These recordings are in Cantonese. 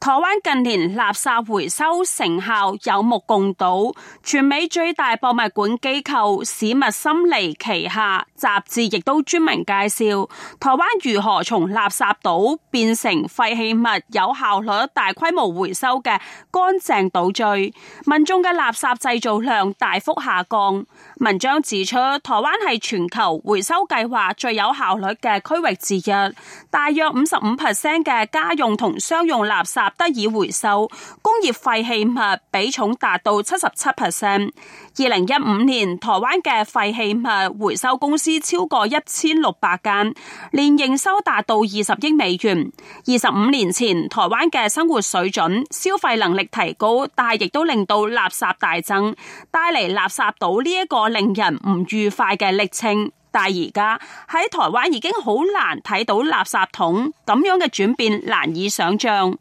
台灣近年垃圾回收成效有目共睹，全美最大博物館機構史密森尼旗下雜誌亦都專門介紹台灣如何從垃圾島變成廢棄物有效率大規模回收嘅乾淨島嶼，民眾嘅垃圾製造量大幅下降。文章指出，台灣係全球回收計劃最有效率嘅區域之一，大約五十五 percent 嘅家用同商用垃圾。得以回收工業廢棄物比重達到七十七 percent。二零一五年，台灣嘅廢棄物回收公司超過一千六百間，年營收達到二十億美元。二十五年前，台灣嘅生活水準、消費能力提高，但係亦都令到垃圾大增，帶嚟垃圾島呢一個令人唔愉快嘅歷程。但係而家喺台灣已經好難睇到垃圾桶咁樣嘅轉變，難以想象。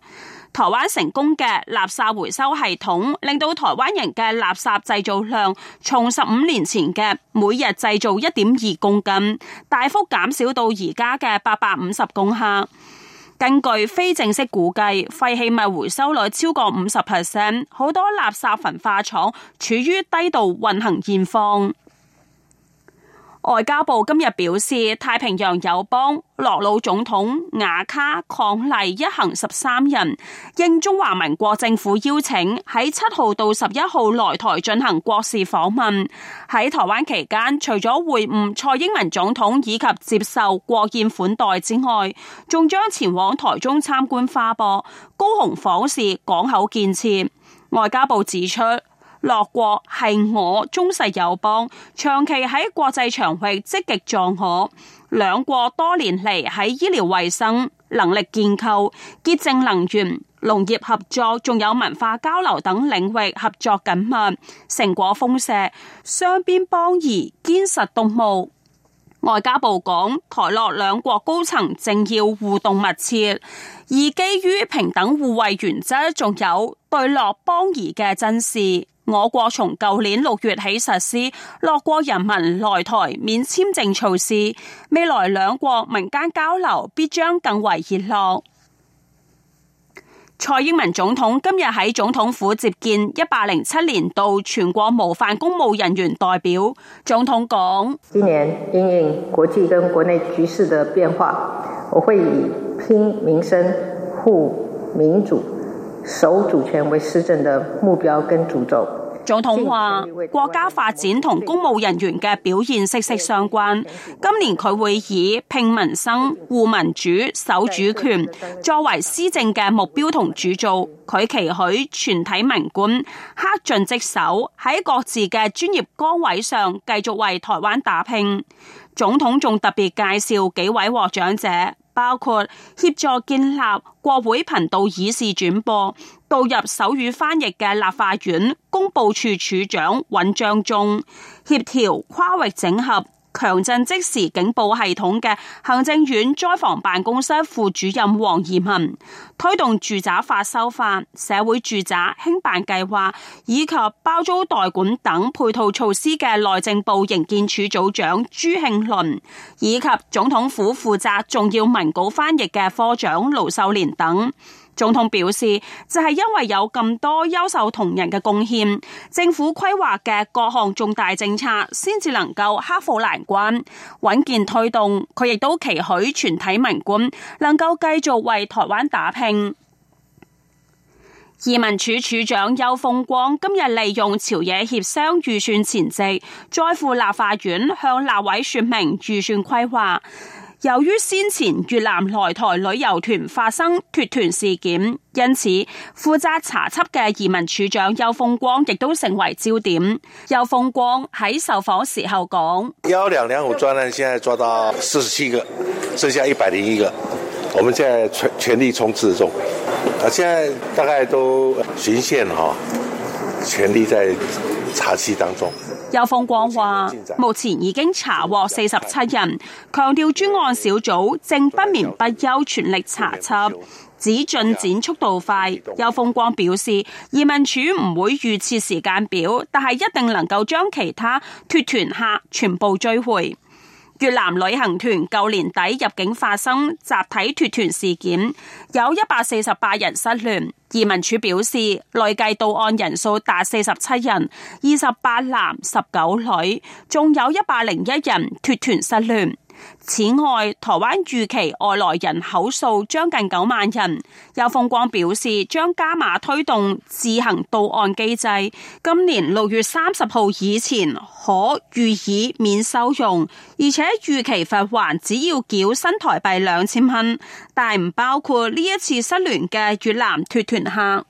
台灣成功嘅垃圾回收系統，令到台灣人嘅垃圾製造量從十五年前嘅每日製造一點二公斤，大幅減少到而家嘅八百五十公克。根據非正式估計，廢棄物回收率超過五十 percent，好多垃圾焚化廠處於低度運行現況。外交部今日表示，太平洋友邦諾魯總統瓦卡伉儷一行十三人應中華民國政府邀請，喺七號到十一號來台進行國事訪問。喺台灣期間，除咗會晤蔡英文總統以及接受國宴款待之外，仲將前往台中參觀花博、高雄訪視港口建設。外交部指出。諾國係我忠實友邦，長期喺國際場域積極助我。兩國多年嚟喺醫療衛生、能力建構、潔淨能源、農業合作，仲有文化交流等領域合作緊密，成果豐碩，雙邊邦誼堅實篤睦。外交部講，台諾兩國高層政要互動密切，而基於平等互惠原則，仲有對諾邦誼嘅珍視。我國從舊年六月起實施諾魯人民來台免簽證措施，未來兩國民間交流必將更為熱絡。蔡英文總統今日喺總統府接見一百零七年度全國模範公務人員代表，總統講：今年因應國際跟國內局勢的變化，我會以拼民生、護民主、守主權為施政嘅目標跟主軸。總統話：國家發展同公務人員嘅表現息息相關。今年佢會以拼民生、護民主、守主權作為施政嘅目標同主軸。佢期許全體文官恪盡職守，喺各自嘅專業崗位上繼續為台灣打拼。總統仲特別介紹幾位獲獎者。包括協助建立國會頻道議事轉播、導入手語翻譯嘅立法院公報處處長尹章中、協調跨域整合，強震即時警報系統嘅行政院災防辦公室副主任黃賢文，推動住宅法修法、社會住宅興辦計劃以及包租代管等配套措施嘅內政部營建處組長朱慶麟，以及總統府負責重要文稿翻譯嘅科長盧秀蓮等。總統表示，就係、是、因為有咁多優秀同仁嘅貢獻，政府規劃嘅各項重大政策先至能夠克服難關，穩健推動。佢亦都期許全體文官能夠繼續為台灣打拼。移民署署長邱豐光今日利用朝野協商預算前夕，再赴立法院向立委說明預算規劃。由於先前越南來台旅遊團發生脱團事件，因此負責查緝嘅移民署長邱豐光亦都成為焦點。邱豐光喺受訪時候講：幺兩兩五專案現在抓到四十七個，剩下一百零一個，我們現在全全力衝刺中，啊，現在大概都循線啊，全力在查緝當中。邱豐光話：目前已經查獲四十七人，強調專案小組正不眠不休全力查緝，只進展速度快。邱豐光表示，移民署唔會預設時間表，但係一定能夠將其他脫團客全部追回。越南旅行團舊年底入境發生集體脫團事件，有一百四十八人失聯。移民署表示，累計到案人數達四十七人，二十八男十九女，仲有一百零一人脫團失聯。此外，台灣逾期外來人口數將近九萬人。邱豐光表示，將加碼推動自行到案機制，今年六月三十號以前可予以免收容，而且逾期罰鍰只要繳新台幣兩千蚊，但唔包括呢一次失聯嘅越南脱團客。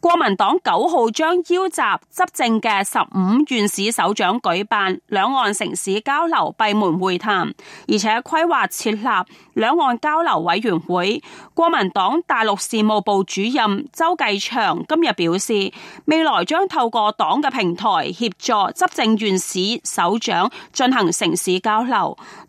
國民黨九號將邀集執政嘅十五縣市首長舉辦兩岸城市交流閉門會談，而且規劃設立兩岸交流委員會。國民黨大陸事務部主任周繼祥今日表示，未來將透過黨嘅平台協助執政縣市首長進行城市交流。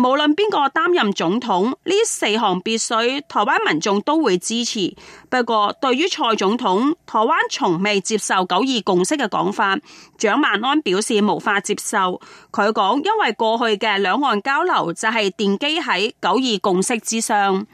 無論邊個擔任總統，呢四項必須台灣民眾都會支持。不過對於蔡總統，台灣從未接受九二共識嘅講法。蔣萬安表示無法接受，佢講，因為過去嘅兩岸交流就係奠基喺九二共識之上。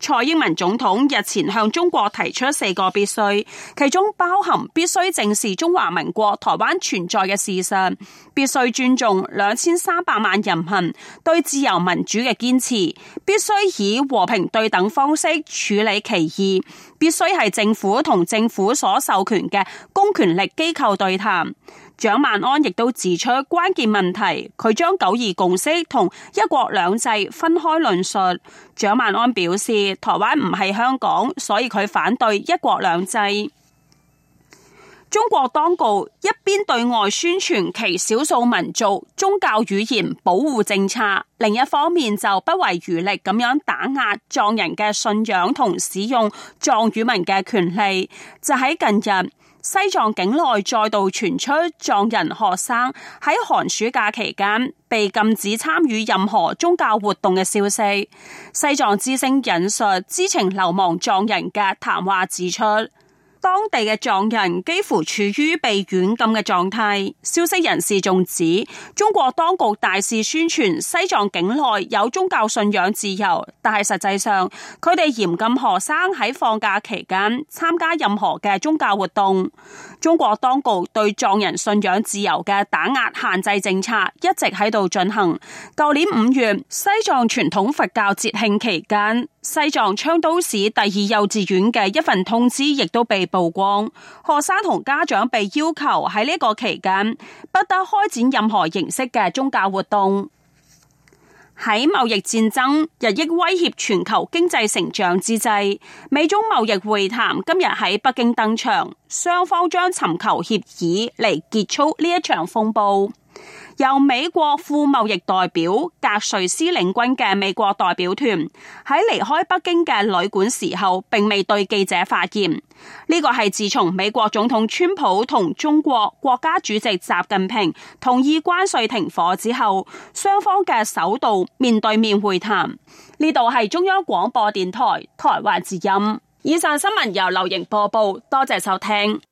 蔡英文總統日前向中國提出四個必須，其中包含必須正視中華民國台灣存在嘅事實，必須尊重兩千三百萬人民對自由民主嘅堅持，必須以和平對等方式處理歧義，必須係政府同政府所授權嘅公權力機構對談。蔣萬安亦都指出關鍵問題，佢將九二共識同一國兩制分開論述。蔣萬安表示，台灣唔係香港，所以佢反對一國兩制。中國當局一邊對外宣傳其少數民族宗教語言保護政策，另一方面就不遺餘力咁樣打壓藏人嘅信仰同使用藏語文嘅權利。就喺近日，西藏境內再度傳出藏人學生喺寒暑假期間被禁止參與任何宗教活動嘅消息。西藏之聲引述知情流亡藏人嘅談話指出，當地嘅藏人幾乎處於被軟禁嘅狀態。消息人士仲指，中國當局大肆宣傳西藏境內有宗教信仰自由，但係實際上，佢哋嚴禁學生喺放假期間參加任何嘅宗教活動。中國當局對藏人信仰自由嘅打壓限制政策一直喺度進行。舊年五月，西藏傳統佛教節慶期間，西藏昌都市第二幼稚園嘅一份通知亦都被。曝光，學生同家長被要求喺呢個期間不得開展任何形式嘅宗教活動。喺貿易戰爭日益威脅全球經濟成長之際，美中貿易會談今日喺北京登場，雙方將尋求協議嚟結束呢一場風暴。由美國副貿易代表、格瑞斯領軍嘅美國代表團喺離開北京嘅旅館時候，並未對記者發言。呢個係自從美國總統川普同中國國家主席習近平同意關稅停火之後，雙方嘅首度面對面會談。呢度係中央廣播電台台灣之音。以上新聞由劉瑩播報，多謝收聽。